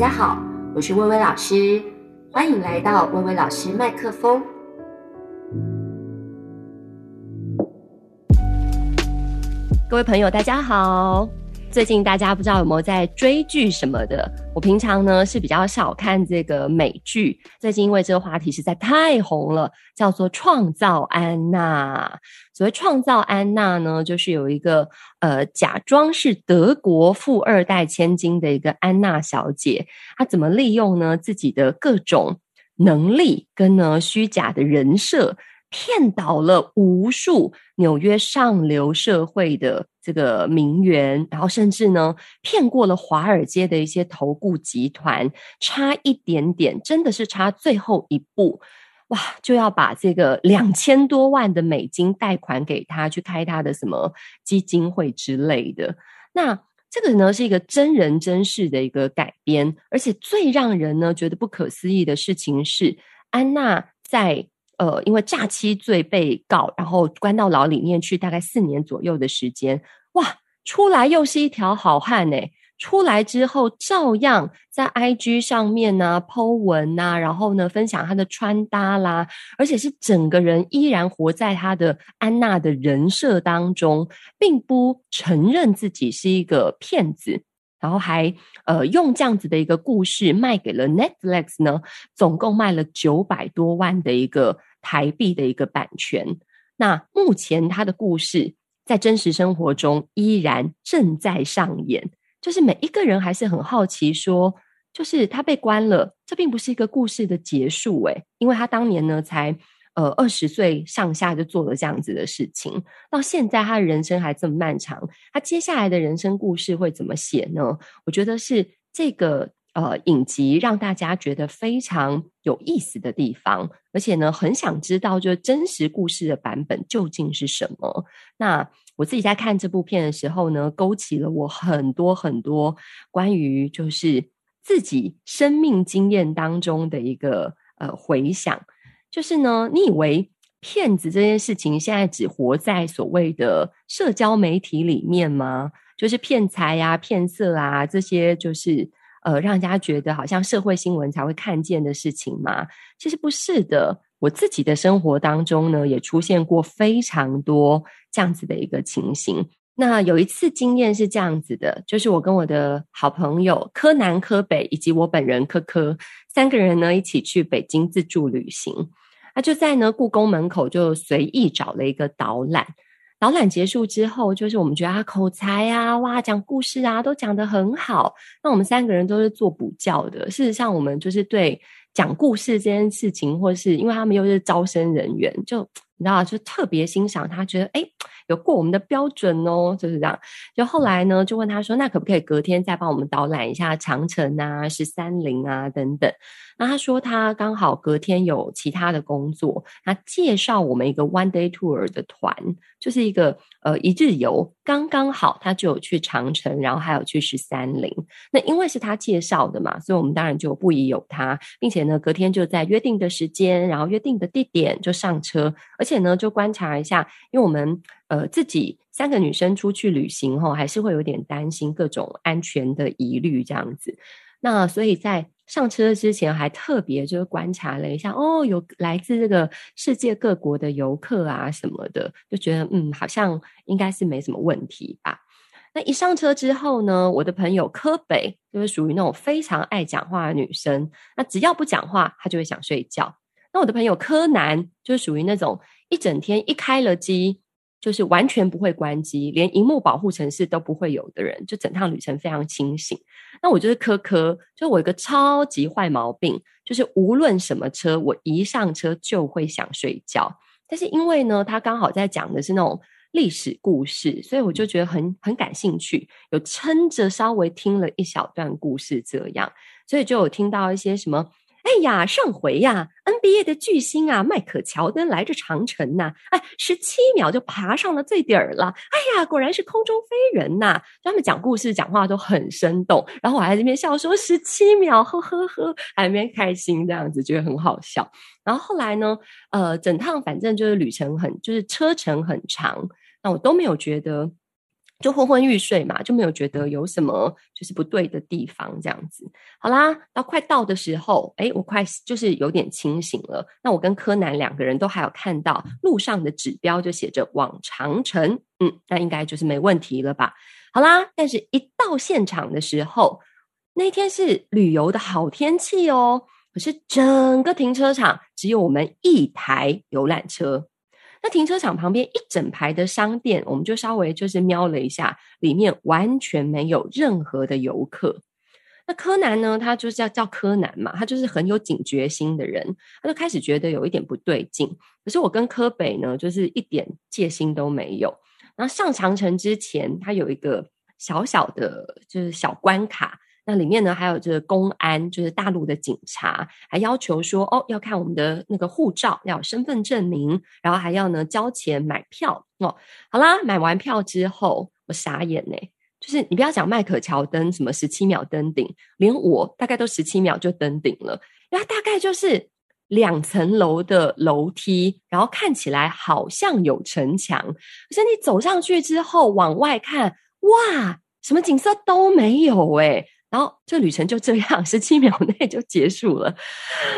大家好，我是薇薇老師，歡迎來到薇薇老師麥克風。各位朋友，大家好。最近大家不知道有沒有在追劇什麼的？我平常呢是比較少看這個美劇，最近因為這個話題實在太紅了，叫做《創造安娜》。所謂《創造安娜》呢，就是有一個呃假裝是德國富二代千金的一個安娜小姐，她怎麼利用呢自己的各種能力跟呢虛假的人設，騙倒了無數紐約上流社會的這個名媛，然後甚至呢騙過了華爾街的一些投顧集團，差一點點，真的是差最後一步，哇，就要把這個兩千多萬的美金貸款給他去開他的什麼基金會之類的。那這個呢是一個真人真事的一個改編，而且最讓人呢覺得不可思議的事情是，安娜在，呃，因為假期罪被告，然後關到牢裡面去，大概四年左右的時間。哇，出來又是一條好漢呢，出來之後照樣在 I G 上面啊 Po 文啊，然後呢分享他的穿搭啦，而且是整個人依然活在他的安娜的人設當中，並不承認自己是一個騙子，然後還呃用這樣子的一個故事賣給了 Netflix 呢，總共賣了九百多萬的一個。台幣的一個版權，那目前他的故事在真實生活中依然正在上演，就是每一個人還是很好奇，說就是他被關了，這並不是一個故事的結束，欸，哎，因為他當年呢才呃二十歲上下就做了這樣子的事情，到現在他的人生還這麼漫長，他接下來的人生故事會怎麼寫呢？我覺得是這個。呃，影集讓大家覺得非常有意思的地方，而且呢，很想知道就真實故事的版本究竟是什麼。那我自己在看這部片的時候呢，勾起了我很多很多關於就是自己生命經驗當中的一個呃回想。就是呢，你以為騙子這件事情現在只活在所謂的社交媒體裡面嗎？就是騙財啊、騙色啊這些就是。呃，讓人家覺得好像社會新聞才會看見的事情嗎？其實不是的。我自己的生活當中呢，也出現過非常多這樣子的一個情形。那有一次經驗是這樣子的，就是我跟我的好朋友柯南、柯北以及我本人柯柯三個人呢，一起去北京自助旅行，那、啊、就在呢故宮門口就隨意找了一個導覽。導覽結束之後，就是我們覺得他、啊、口才啊，哇，講故事啊，都講得很好。那我們三個人都是做補教的，事實上我們就是對講故事這件事情，或是因為他們又是招生人員，就。你知道，就特別欣賞他，覺得哎、欸，有過我們的標準哦，就是這樣。就後來呢，就問他說：“那可不可以隔天再幫我們導覽一下長城啊、十三陵啊等等？”那他說他剛好隔天有其他的工作，他介紹我們一個 one day tour 的團，就是一個呃一日遊，剛剛好他就有去長城，然後還有去十三陵。那因為是他介紹的嘛，所以我們當然就不疑有他，並且呢，隔天就在約定的時間，然後約定的地點就上車，而且。而且呢，就觀察一下，因為我們呃自己三個女生出去旅行後，還是會有點擔心各種安全的疑慮這樣子。那所以在上車之前，還特別就是觀察了一下，哦，有來自這個世界各國的遊客啊什麼的，就覺得嗯，好像應該是沒什麼問題吧。那一上車之後呢，我的朋友柯北就是屬於那種非常愛講話的女生，那只要不講話，她就會想睡覺。那我的朋友柯南就是屬於那種。一整天一開了機，就是完全不會關機，連屏幕保護程式都不會有的人，就整趟旅程非常清醒。那我就是科科，就我有個超級壞毛病，就是無論什麼車，我一上車就會想睡覺。但是因為呢，他剛好在講的是那種歷史故事，所以我就覺得很很感興趣，有撐着稍微聽了一小段故事，這樣，所以就有聽到一些什麼。哎呀，上回呀、啊、，NBA 的巨星啊，邁克喬丹來這長城吶、啊，哎，十七秒就爬上了最底兒了，哎呀，果然是空中飛人吶、啊！他們講故事、講話都很生動，然後我還在那邊笑說十七秒，呵呵呵，還沒開心這樣子，覺得很好笑。然後後來呢，呃，整趟反正就是旅程很，就是車程很長，那我都沒有覺得。就昏昏欲睡嘛，就沒有覺得有什麼就是不對的地方，這樣子。好啦，到快到的時候，欸，我快就是有點清醒了。那我跟柯南兩個人都還有看到路上的指標就寫着往長城。嗯，那應該就是沒問題了吧？好啦，但是一到現場的時候，那天是旅遊的好天氣哦，可是整個停車場只有我們一台遊覽車。那停車場旁邊一整排的商店，我們就稍微就是瞄了一下，裡面完全沒有任何的遊客。那柯南呢，他就是叫，叫柯南嘛，他就是很有警覺心的人，他就開始覺得有一點不對勁。可是我跟柯北呢，就是一點戒心都沒有。然後上長城之前，他有一個小小的，就是小關卡。那裡面呢，還有就是公安，就是大陸的警察，還要求說哦，要看我們的那個護照，要有身份證明，然後還要呢交錢買票哦。好啦，買完票之後，我傻眼呢、欸，就是你不要講麥可喬丹什麼十七秒登頂，連我大概都十七秒就登頂了，因為大概就是兩層樓的樓梯，然後看起來好像有城牆，可是你走上去之後往外看，哇，什麼景色都沒有哎、欸。然後這旅程就這樣，十七秒內就結束了。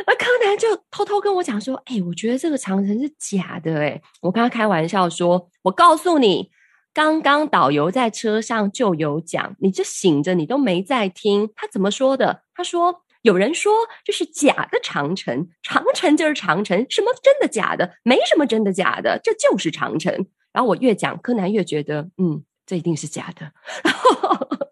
那柯南就偷偷跟我講說：“哎，我覺得這個長城是假的。”哎，我跟他開玩笑說：“我告訴你，剛剛導遊在車上就有講，你這醒着你都沒在聽，他怎麼說的？他說有人說這是假的長城，長城就是長城，什麼真的假的，沒什麼真的假的，這就是長城。”然後我越講，柯南越覺得，嗯，這一定是假的。然後。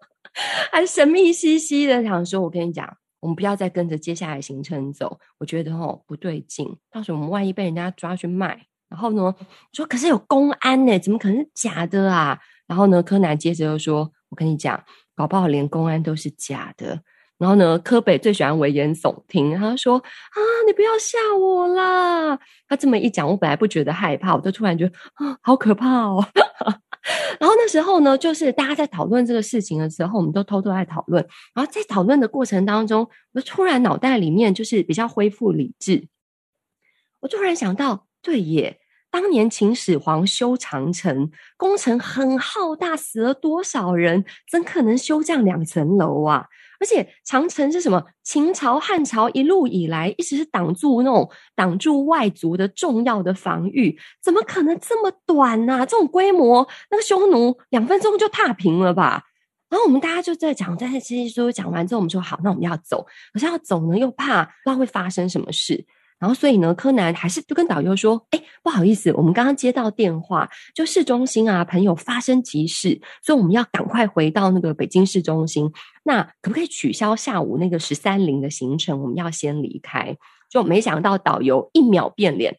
還神秘兮兮的，想說：“我跟你講，我們不要再跟着接下來行程走。我覺得哦，不對勁，到時候我們萬一被人家抓去賣，然後呢，說可是有公安呢、欸，怎麼可能是假的啊？然後呢，柯南接着又說：我跟你講，搞不好連公安都是假的。然後呢，柯北最喜歡危言聳聽，他說：啊，你不要嚇我啦！他這麼一講，我本來不覺得害怕，我就突然覺得啊，好可怕哦。 ”然後那時候呢，就是大家在討論這個事情的時候，我們都偷偷在討論。然後在討論的過程當中，我突然腦袋裡面就是比較恢復理智，我突然想到：對耶，當年秦始皇修長城，工程很浩大，死了多少人？怎可能修這樣兩層樓啊？而且長城是什麼？秦朝、漢朝一路以來一直是擋住那種擋住外族的重要的防禦，怎麼可能這麼短呢？這種規模，那個匈奴兩分鐘就踏平了吧？然後我們大家就在講，但是其實說講完之後，我們說好，那我們要走，可是要走呢，又怕不知道會發生什麼事。然後，所以呢，柯南還是就跟導遊說：“誒，不好意思，我們剛剛接到電話，就市中心啊，朋友發生急事，所以我們要趕快回到那個北京市中心。那可不可以取消下午那個十三陵的行程？我們要先離開。”就沒想到導遊一秒變臉：“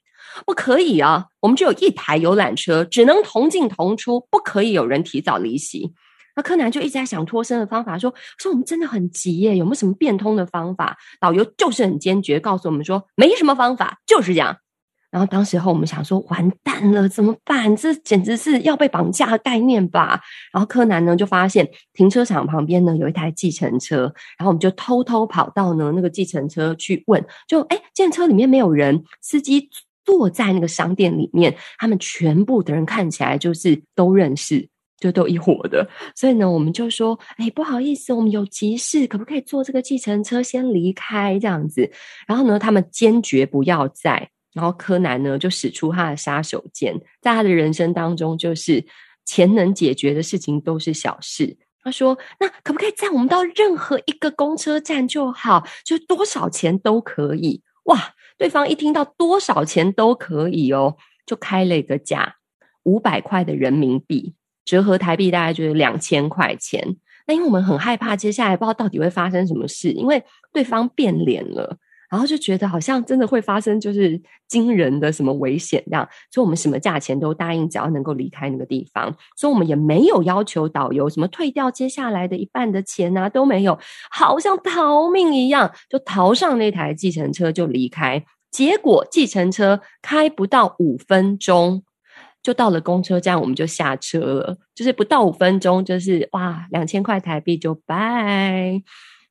不可以啊，我們只有一台遊覽車，只能同進同出，不可以有人提早離席。”那柯南就一直在想脫身的方法，說，說我們真的很急耶，有沒有什麼變通的方法？導遊就是很堅決告訴我們說，沒什麼方法，就是這樣。然後當時候我們想說，完蛋了怎麼辦？這簡直是要被綁架的概念吧？然後柯南呢就發現停車場旁邊呢有一台計程車，然後我們就偷偷跑到呢那個計程車去問，就哎，計程車裡面沒有人，司機坐在那個商店裡面，他們全部的人看起來就是都認識。就都一夥的，所以呢，我們就說，哎、欸，不好意思，我們有急事，可不可以坐這個計程車先離開？這樣子，然後呢，他們堅決不要載，然後柯南呢就使出他的殺手鐧，在他的人生當中，就是錢能解決的事情都是小事。他說，那可不可以載我們到任何一個公車站就好，就多少錢都可以。哇，對方一聽到多少錢都可以哦，就開了一個價，五百塊的人民幣。折合台幣大概就是兩千塊錢。那因為我們很害怕接下來不知道到底會發生什麼事，因為對方變臉了，然後就覺得好像真的會發生就是驚人的什麼危險這樣，所以我們什麼價錢都答應，只要能夠離開那個地方，所以我們也沒有要求導遊什麼退掉接下來的一半的錢啊都沒有，好像逃命一樣，就逃上那台計程車就離開。結果計程車開不到五分鐘，就到了公車站，我們就下車了。就是不到五分鐘，就是哇，兩千塊台幣就拜。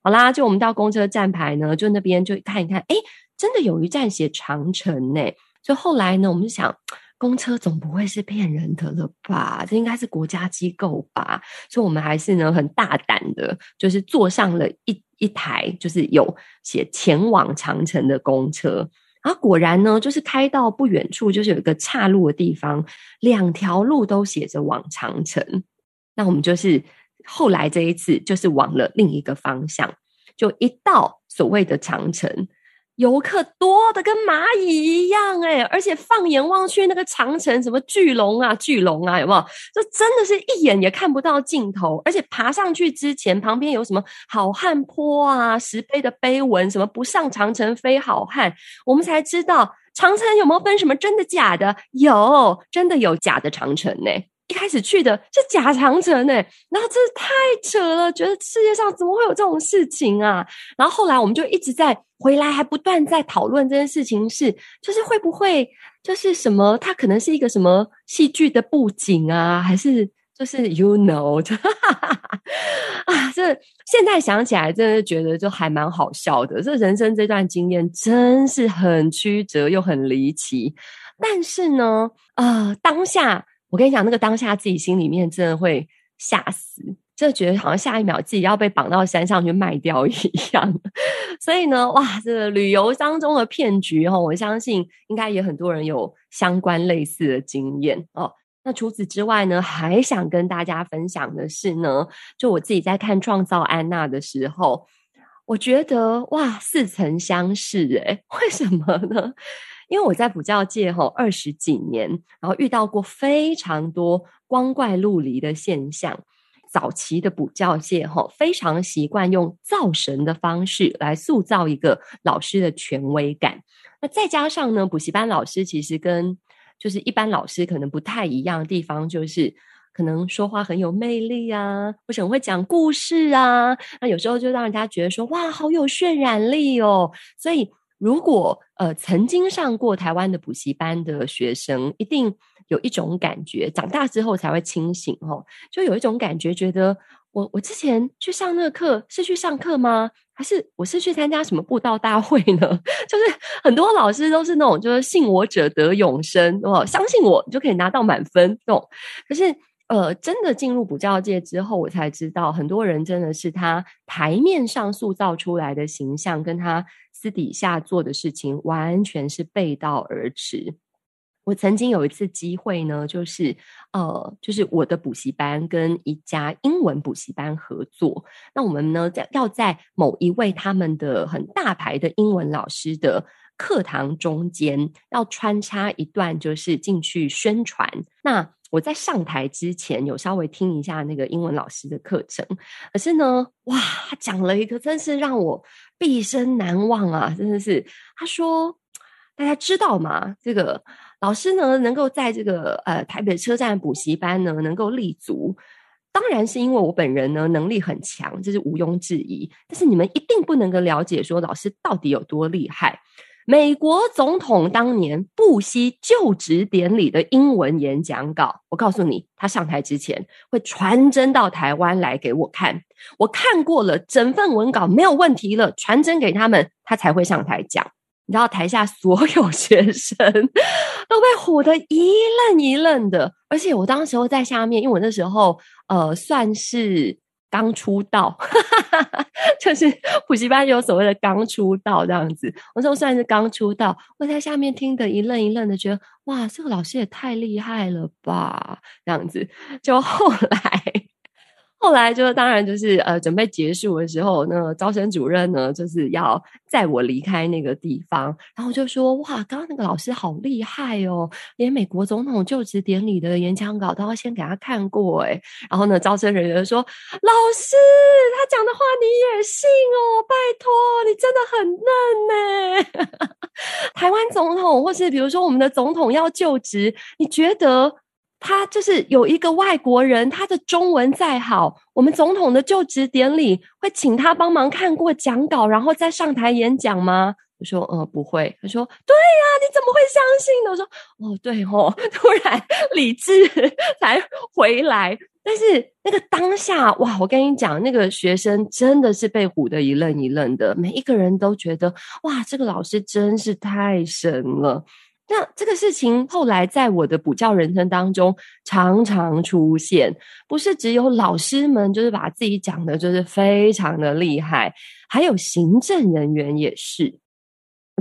好啦，就我們到公車站牌呢，就那邊就看一看，哎，真的有一站寫長城呢。所以後來呢，我們就想，公車總不會是騙人的了吧？這應該是國家機構吧？所以我們還是呢很大膽的，就是坐上了一一台，就是有寫前往長城的公車。啊，果然呢，就是開到不遠處，就是有一個岔路的地方，兩條路都寫着往長城。那我們就是後來這一次，就是往了另一個方向，就一到所謂的長城。遊客多的跟螞蟻一樣哎、欸，而且放眼望去，那個長城什麼巨龍啊、巨龍啊，有沒有？這真的是一眼也看不到盡頭。而且爬上去之前，旁邊有什麼好漢坡啊、石碑的碑文什麼？不上長城非好漢。我們才知道長城有沒有分什麼真的假的？有，真的有假的長城呢、欸。一開始去的是假長城呢、欸，然後這太扯了，覺得世界上怎麼會有這種事情啊？然後後來我們就一直在。回來還不斷在討論這件事情是，是就是會不會就是什麼？它可能是一個什麼戲劇的布景啊，還是就是 you know 啊？這現在想起來，真的覺得就還蠻好笑的。這人生這段經驗真是很曲折又很離奇，但是呢，呃，當下我跟你講，那個當下自己心裡面真的會嚇死。就覺得好像下一秒自己要被綁到山上去賣掉一樣，所以呢，哇，這個旅遊當中的騙局，我相信應該也很多人有相關類似的經驗哦。那除此之外呢，還想跟大家分享的是呢，就我自己在看《創造安娜》的時候，我覺得哇，似曾相識誒、欸、為什麼呢？因為我在補教界哈二十幾年，然後遇到過非常多光怪陸離的現象。早期的補教界吼，非常習慣用造神的方式來塑造一個老師的權威感。那再加上呢，補習班老師其實跟就是一般老師可能不太一樣的地方，就是可能說話很有魅力啊，或者很會講故事啊。那有時候就讓人家覺得說，哇，好有渲染力哦。所以。如果呃曾經上過台灣的補習班的學生，一定有一種感覺，長大之後才會清醒哦。就有一種感覺，覺得我我之前去上那個課是去上課嗎？還是我是去參加什麼布道大會呢？就是很多老師都是那種，就是信我者得永生，哦，相信我你就可以拿到滿分，懂？可是。呃，真的進入補教界之後，我才知道很多人真的是他台面上塑造出來的形象，跟他私底下做的事情完全是背道而馳。我曾經有一次機會呢，就是呃，就是我的補習班跟一家英文補習班合作，那我們呢在要在某一位他們的很大牌的英文老師的課堂中間，要穿插一段，就是進去宣傳。那⋯⋯我在上台之前有稍微聽一下那個英文老師的課程，可是呢，哇，他講了一個真是讓我畢生難忘啊！真的是，他說，大家知道嗎？這個老師呢，能夠在這個呃台北車站補習班呢能夠立足，當然是因為我本人呢能力很強，這是毋庸置疑。但是你們一定不能夠了解說老師到底有多厲害。美國總統當年布希就職典禮的英文演講稿，我告訴你，他上台之前會傳真到台灣來給我看。我看過了整份文稿沒有問題了，傳真給他們，他才會上台講。你知道台下所有學生都被唬得一愣一愣的，而且我當時在下面，因為我那時候呃算是。剛出道，哈哈哈，就是補習班就有所謂的剛出道這樣子，我說算是剛出道，我在下面聽得一愣一愣的，覺得哇，這個老師也太厲害了吧，這樣子，就後來。後來就是當然就是呃，準備結束的時候，那招生主任呢就是要載我離開那個地方，然後就說：“哇，剛剛那個老師好厲害哦，喔，連美國總統就職典禮的演講稿都要先給他看過，欸。”誒然後呢，招生人員說：“老師，他講的話你也信哦，喔？拜託，你真的很嫩呢，欸。 ”台灣總統，或是比如說我們的總統要就職，你覺得？他就是有一個外國人，他的中文再好，我們總統的就職典禮會請他幫忙看過講稿，然後再上台演講嗎？我說，呃，不會。他說，對呀，你怎麼會相信呢？我說，哦，對哦，突然理智才回來，但是那個當下哇，我跟你講，那個學生真的是被唬得一愣一愣的，每一個人都覺得哇，這個老師真是太神了。那這個事情後來在我的補教人生當中常常出現，不是只有老師們，就是把自己講的，就是非常的厲害，還有行政人員也是。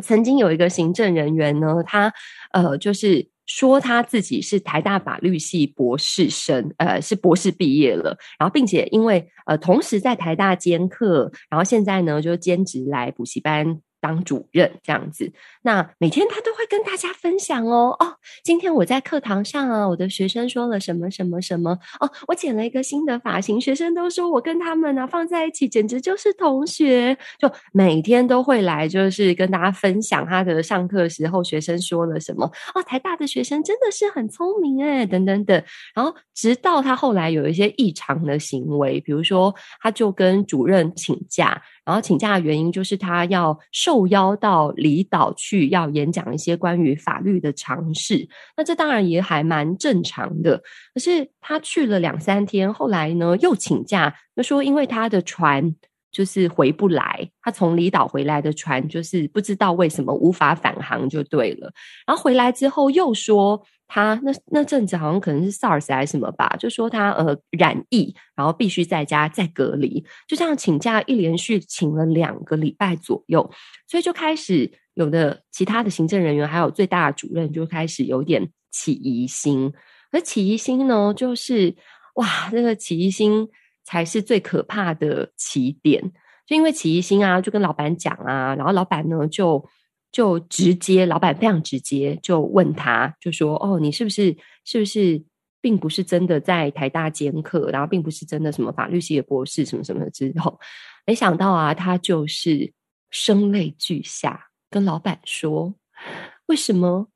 曾經有一個行政人員呢，他呃，就是說他自己是台大法律系博士生，呃，是博士畢業了，然後並且因為呃，同時在台大兼課，然後現在呢就兼職來補習班，當主任這樣子，那每天他都會跟大家分享哦哦，今天我在課堂上啊，我的學生說了什麼什麼什麼哦，我剪了一個新的髮型，學生都說我跟他們啊放在一起簡直就是同學，就每天都會來就是跟大家分享他的上課時候學生說了什麼哦，台大的學生真的是很聰明哎、欸、等等等，然後直到他後來有一些異常的行為，比如說他就跟主任請假。然後請假的原因就是他要受邀到離島去，要演講一些關於法律的常識。那這當然也還蠻正常的。可是他去了兩三天，後來呢又請假，他說因為他的船就是回不來，他從離島回來的船就是不知道為什麼無法返航，就對了。然後回來之後又說。他那那陣子好像可能是 SARS 還是什麼吧，就說他呃染疫，然後必須在家再隔離，就這樣請假一連續請了兩個禮拜左右，所以就開始有的其他的行政人員還有最大的主任就開始有點起疑心，而起疑心呢，就是哇，這個起疑心才是最可怕的起點，就因為起疑心啊，就跟老闆講啊，然後老闆呢就。就直接，老闆非常直接，就問他，就說：“哦，你是不是是不是並不是真的在台大兼課，然後並不是真的什麼法律系的博士，什麼什麼的之後。沒想到啊，他就是聲淚俱下，跟老闆說：為什麼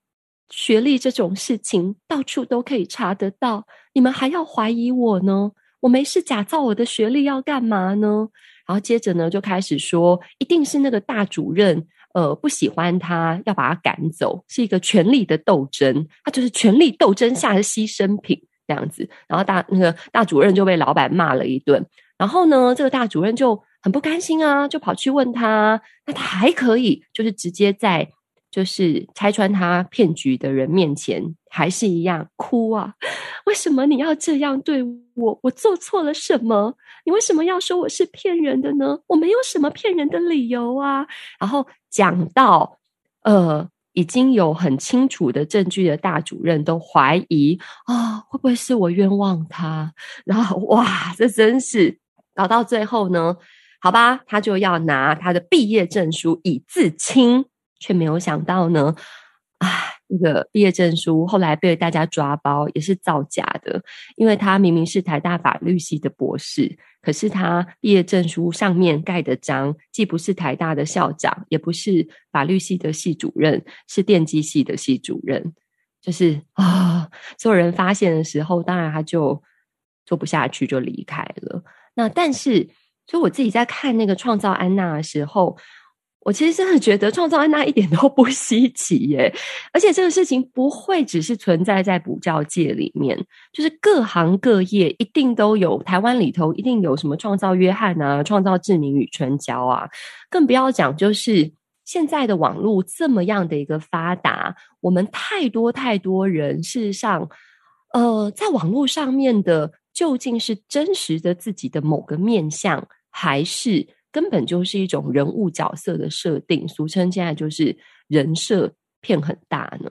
學歷這種事情到處都可以查得到，你們還要懷疑我呢？我沒事假造我的學歷要幹嘛呢？然後接着呢，就開始說，一定是那個大主任。”呃，不喜歡他，要把他趕走，是一個權力的鬥爭。他就是權力鬥爭下的犧牲品這樣子。然後大那個大主任就被老板罵了一頓。然後呢，這個大主任就很不甘心啊，就跑去問他，那他還可以，就是直接在就是拆穿他騙局的人面前，還是一樣哭啊？為什麼你要這樣對我？我做錯了什麼？你為什麼要說我是騙人的呢？我沒有什麼騙人的理由啊。然後。講到，呃，已經有很清楚的證據的大主任都懷疑啊、哦，會不會是我冤枉他？然後哇，這真是搞到最後呢，好吧，他就要拿他的畢業證書以自清，卻沒有想到呢，唉。那個畢業證書後來被大家抓包，也是造假的。因為他明明是台大法律系的博士，可是他畢業證書上面蓋的章，既不是台大的校長，也不是法律系的系主任，是電機系的系主任。就是啊，所有人發現的時候，當然他就做不下去，就離開了。那但是，所以我自己在看那個《創造安娜》的時候。我其實真的覺得創造安娜一點都不稀奇耶，而且這個事情不會只是存在在補教界裡面，就是各行各業一定都有，台灣裡頭一定有什麼創造約翰啊，創造志明與春嬌啊，更不要講，就是現在的網絡這麼樣的一個發達，我們太多太多人事實上，呃，在網絡上面的究竟是真實的自己的某個面向，還是？根本就是一種人物角色的設定，俗稱現在就是人設騙很大呢。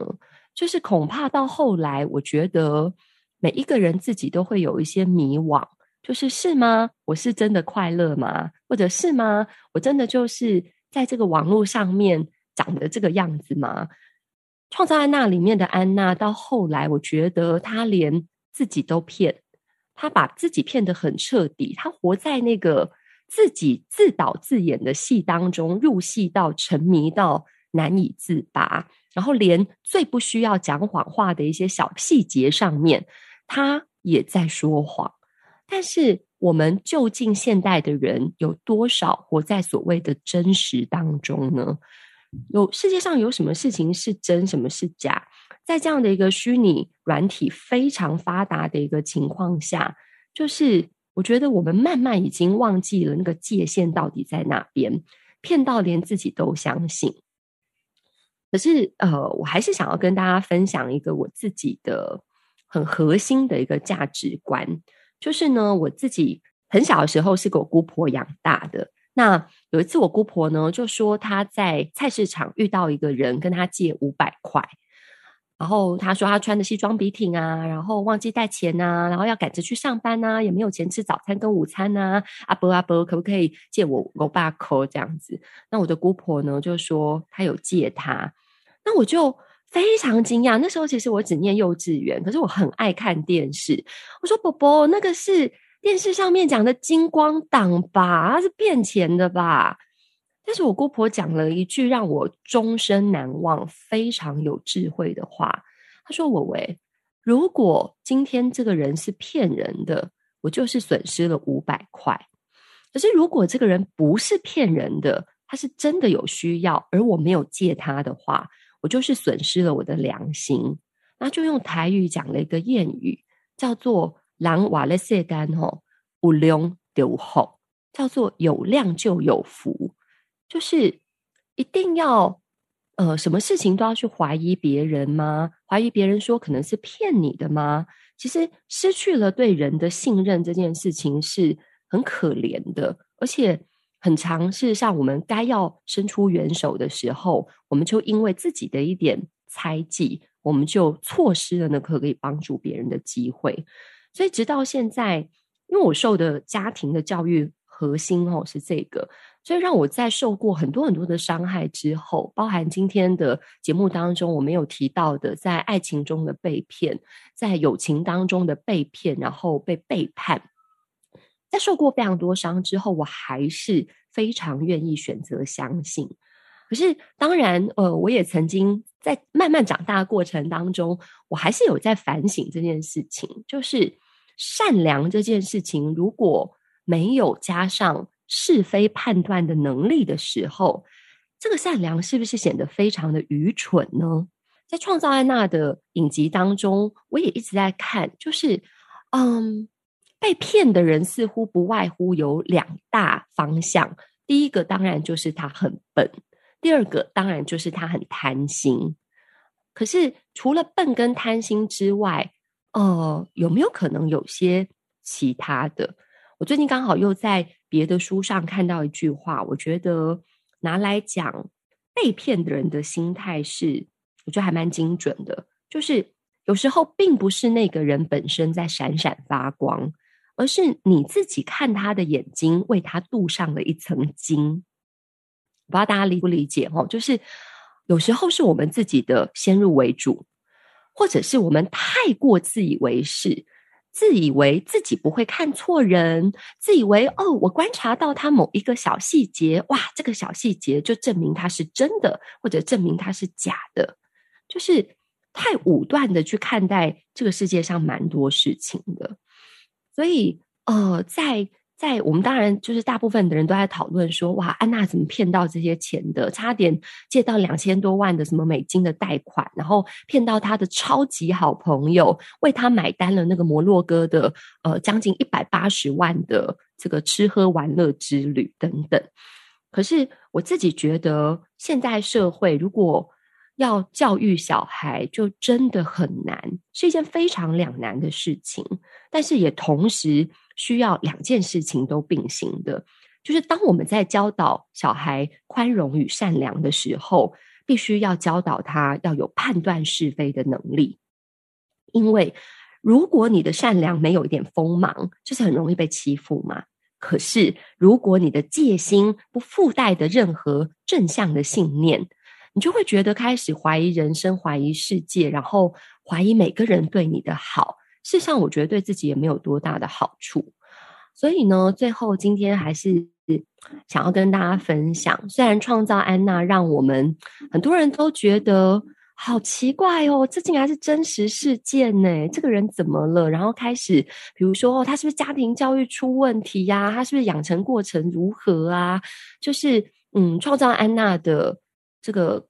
就是恐怕到後來，我覺得每一個人自己都會有一些迷惘，就是是嗎？我是真的快樂嗎？或者是嗎？我真的就是在這個網絡上面長得這個樣子嗎？創造安娜裡面的安娜，到後來我覺得她連自己都騙，她把自己騙得很徹底，她活在那個。自己自導自演的戲當中，入戲到沉迷到難以自拔，然後連最不需要講謊話的一些小細節上面，他也在說謊。但是我們究竟現代的人有多少活在所謂的真實當中呢？有世界上有什麼事情是真，什麼是假？在這樣的一個虛擬軟體非常發達的一個情況下，就是。我覺得我們慢慢已經忘記了那個界限到底在哪邊，騙到連自己都相信。可是，呃，我還是想要跟大家分享一個我自己的很核心的一個價值觀，就是呢，我自己很小的時候是給我姑婆養大的。那有一次，我姑婆呢就說她在菜市場遇到一個人，跟她借五百塊。然後他說，他穿的西裝筆挺啊，然後忘記帶錢吶、啊，然後要趕着去上班吶、啊，也沒有錢吃早餐跟午餐吶、啊。阿婆阿婆，可不可以借我五百塊這樣子？那我的姑婆呢，就說她有借他。那我就非常驚訝，那時候其實我只念幼稚園，可是我很愛看電視。我說婆婆，那個是電視上面講的金光黨吧？它是騙錢的吧？但是我姑婆講了一句讓我終身難忘、非常有智慧的話。她說：“薇薇，如果今天這個人是騙人的，我就是損失了五百塊；可是如果這個人不是騙人的，他是真的有需要，而我沒有借他的話，我就是損失了我的良心。”那就用台語講了一個諺語，叫做“狼瓦勒謝丹，吼有量就好”，叫做“有量就有福”。就是一定要呃，什麼事情都要去懷疑別人嗎？懷疑別人說可能是騙你的嗎？其實失去了對人的信任這件事情是很可憐的，而且很常。事實上，我們該要伸出援手的時候，我們就因為自己的一點猜忌，我們就錯失了那個可以幫助別人的機會。所以，直到現在，因為我受的家庭的教育核心哦是這個。所以讓我在受過很多很多的傷害之後，包含今天的節目當中我沒有提到的，在愛情中的被騙，在友情當中的被騙，然後被背叛，在受過非常多傷之後，我還是非常願意選擇相信。可是當然，呃，我也曾經在慢慢長大的過程當中，我還是有在反省這件事情，就是善良這件事情如果沒有加上。是非判斷的能力的時候，這個善良是不是顯得非常的愚蠢呢？在創造安娜的影集當中，我也一直在看，就是，嗯，被騙的人似乎不外乎有兩大方向，第一個當然就是他很笨，第二個當然就是他很貪心。可是除了笨跟貪心之外，呃，有沒有可能有些其他的？我最近剛好又在。別的書上看到一句話，我覺得拿來講被騙的人的心態是，我覺得還蠻精準的。就是有時候並不是那個人本身在閃閃發光，而是你自己看他的眼睛，為他鍍上了一層金。我不知道大家理不理解哈、哦？就是有時候是我們自己的先入為主，或者是我們太過自以為是。自以為自己不會看錯人，自以為哦，我觀察到他某一個小細節，哇，這個小細節就證明他是真的，或者證明他是假的，就是太武斷的去看待這個世界上蠻多事情的，所以呃，在。在我們當然就是大部分的人都在討論說，哇，安娜怎麼騙到這些錢的？差點借到兩千多萬的什麼美金的貸款，然後騙到他的超級好朋友為他買單了那個摩洛哥的呃將近一百八十萬的這個吃喝玩樂之旅等等。可是我自己覺得，現在社會如果要教育小孩，就真的很難，是一件非常兩難的事情。但是也同時。需要兩件事情都並行的，就是當我們在教導小孩寬容與善良的時候，必須要教導他要有判斷是非的能力。因為如果你的善良沒有一點鋒芒，就是很容易被欺負嘛。可是如果你的戒心不附帶的任何正向的信念，你就會覺得開始懷疑人生、懷疑世界，然後懷疑每個人對你的好。事實上，我覺得對自己也沒有多大的好處，所以呢，最後今天還是想要跟大家分享。雖然創造安娜讓我們很多人都覺得好奇怪哦，這竟然是真實事件呢、欸？這個人怎麼了？然後開始，比如說，哦，他是不是家庭教育出問題呀、啊？他是不是養成過程如何啊？就是，嗯，創造安娜的這個。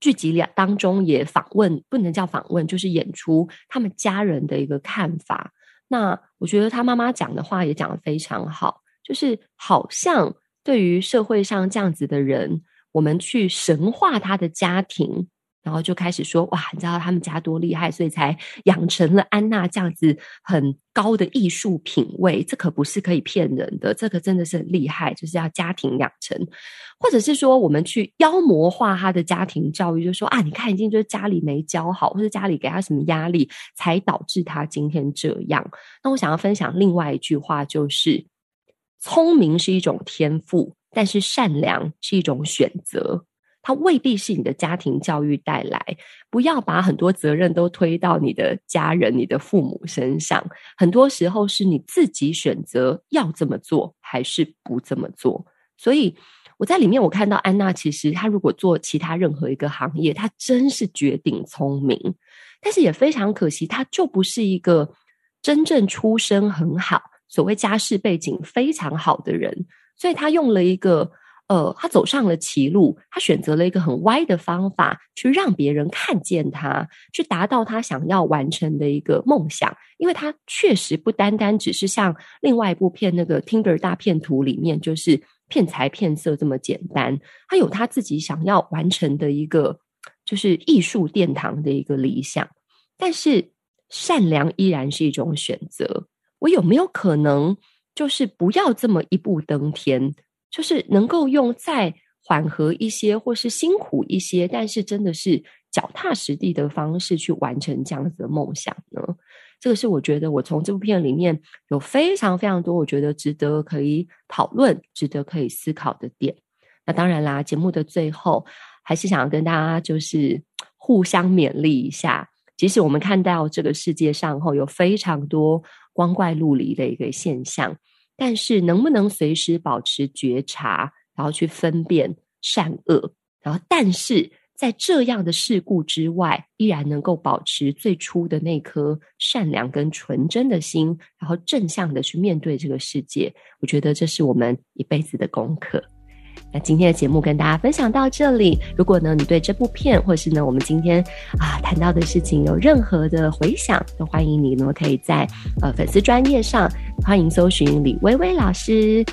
劇集裡當中也訪問，不能叫訪問，就是演出他們家人的一個看法。那我覺得他媽媽講的話也講得非常好，就是好像對於社會上這樣子的人，我們去神化他的家庭，然後就開始說哇，你知道他們家多厲害，所以才養成了安娜這樣子很高的藝術品味。這可不是可以騙人的，這可真的是很厲害，就是要家庭養成，或者是說我們去妖魔化他的家庭教育，就說啊，你看，已經就是家裡沒教好，或者家裡給他什麼壓力，才導致他今天這樣。那我想要分享另外一句話，就是聰明是一種天賦，但是善良是一種選擇。他未必是你的家庭教育帶來，不要把很多責任都推到你的家人、你的父母身上。很多時候是你自己選擇要這麼做還是不這麼做。所以我在裡面我看到安娜，其實她如果做其他任何一個行業，她真是絕頂聰明，但是也非常可惜，她就不是一個真正出身很好、所謂家世背景非常好的人，所以她用了一個。呃，他走上了歧路，他選擇了一個很歪的方法去讓別人看見他，去達到他想要完成的一個夢想。因為他確實不單單只是像另外一部片那個《Tinder 大騙徒》裡面，就是騙財騙色這麼簡單。他有他自己想要完成的一個，就是藝術殿堂的一個理想。但是善良依然是一種選擇。我有沒有可能，就是不要這麼一步登天？就是能夠用再緩和一些，或是辛苦一些，但是真的是腳踏實地的方式去完成這樣子的夢想呢？這個是我覺得我從這部片裡面有非常非常多我覺得值得可以討論、值得可以思考的點。那當然啦，節目的最後還是想要跟大家就是互相勉勵一下，即使我們看到這個世界上後有非常多光怪陸離的一個現象。但是能不能隨時保持覺察，然後去分辨善惡，然後但是在這樣的事故之外，依然能夠保持最初的那顆善良跟純真的心，然後正向的去面對這個世界，我覺得這是我們一輩子的功課。那今天的節目跟大家分享到這裡。如果呢你對這部片，或是呢我們今天啊談到的事情有任何的回想，都歡迎你呢可以在呃粉絲專頁上歡迎搜尋李薇薇老師。